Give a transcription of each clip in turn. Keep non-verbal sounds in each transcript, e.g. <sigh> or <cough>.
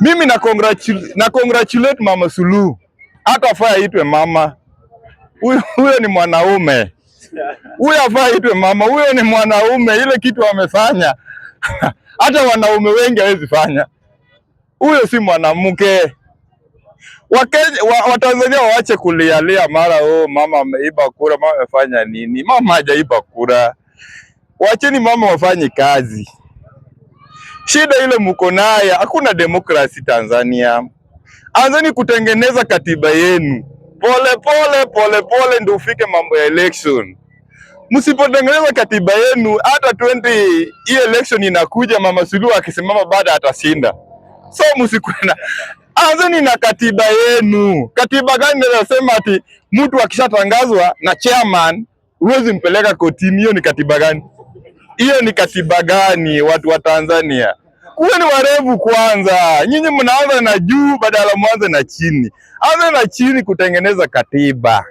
Mimi na congratulate, na congratulate Mama Suluhu, hata afaa aitwe mama huyo, ni mwanaume huyo, afaa aitwe mama huyo, ni mwanaume. Ile kitu amefanya <laughs> hata wanaume wengi hawezi fanya. Huyo si mwanamke. Watanzania wa, waache kulialia mara oh, mama ameiba kura, mama amefanya nini? Mama hajaiba kura, wacheni mama wafanye kazi. Shida ile mko naye, hakuna demokrasi Tanzania. Anzeni kutengeneza katiba yenu pole pole pole pole, ndio ufike mambo ya election. Msipotengeneza katiba yenu, hata 20 hii election inakuja, Mama Suluhu akisimama baada atashinda. So msikwenda, anzeni na katiba yenu. Katiba gani inasema ati mtu akishatangazwa na chairman huwezi mpeleka kotini? Hiyo ni katiba gani? hiyo ni katiba gani? Watu wa Tanzania Huyo ni warevu kwanza. Nyinyi mnaanza na juu badala mwanze na chini. Anza na chini kutengeneza katiba.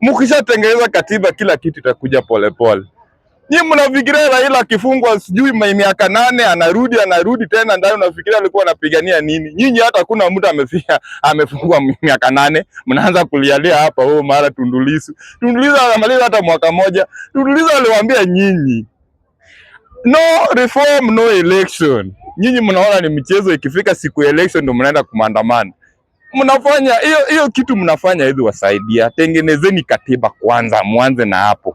Mkishatengeneza katiba, kila kitu itakuja polepole. Nyinyi mnafikiria Raila akifungwa sijui miaka nane anarudi anarudi tena ndani, unafikiria alikuwa anapigania nini? Nyinyi hata hakuna mtu amefia amefungwa <laughs> miaka nane, mnaanza kulialia hapa. Oh, mara Tundulisu, Tundulisu Tundu anamaliza hata mwaka moja. Tundulisu aliwaambia nyinyi No reform, no election. Nyinyi mnaona ni michezo, ikifika siku ya election ndio mnaenda kumandamana. Mnafanya hiyo hiyo kitu mnafanya hivi, wasaidia, tengenezeni katiba kwanza, mwanze na hapo.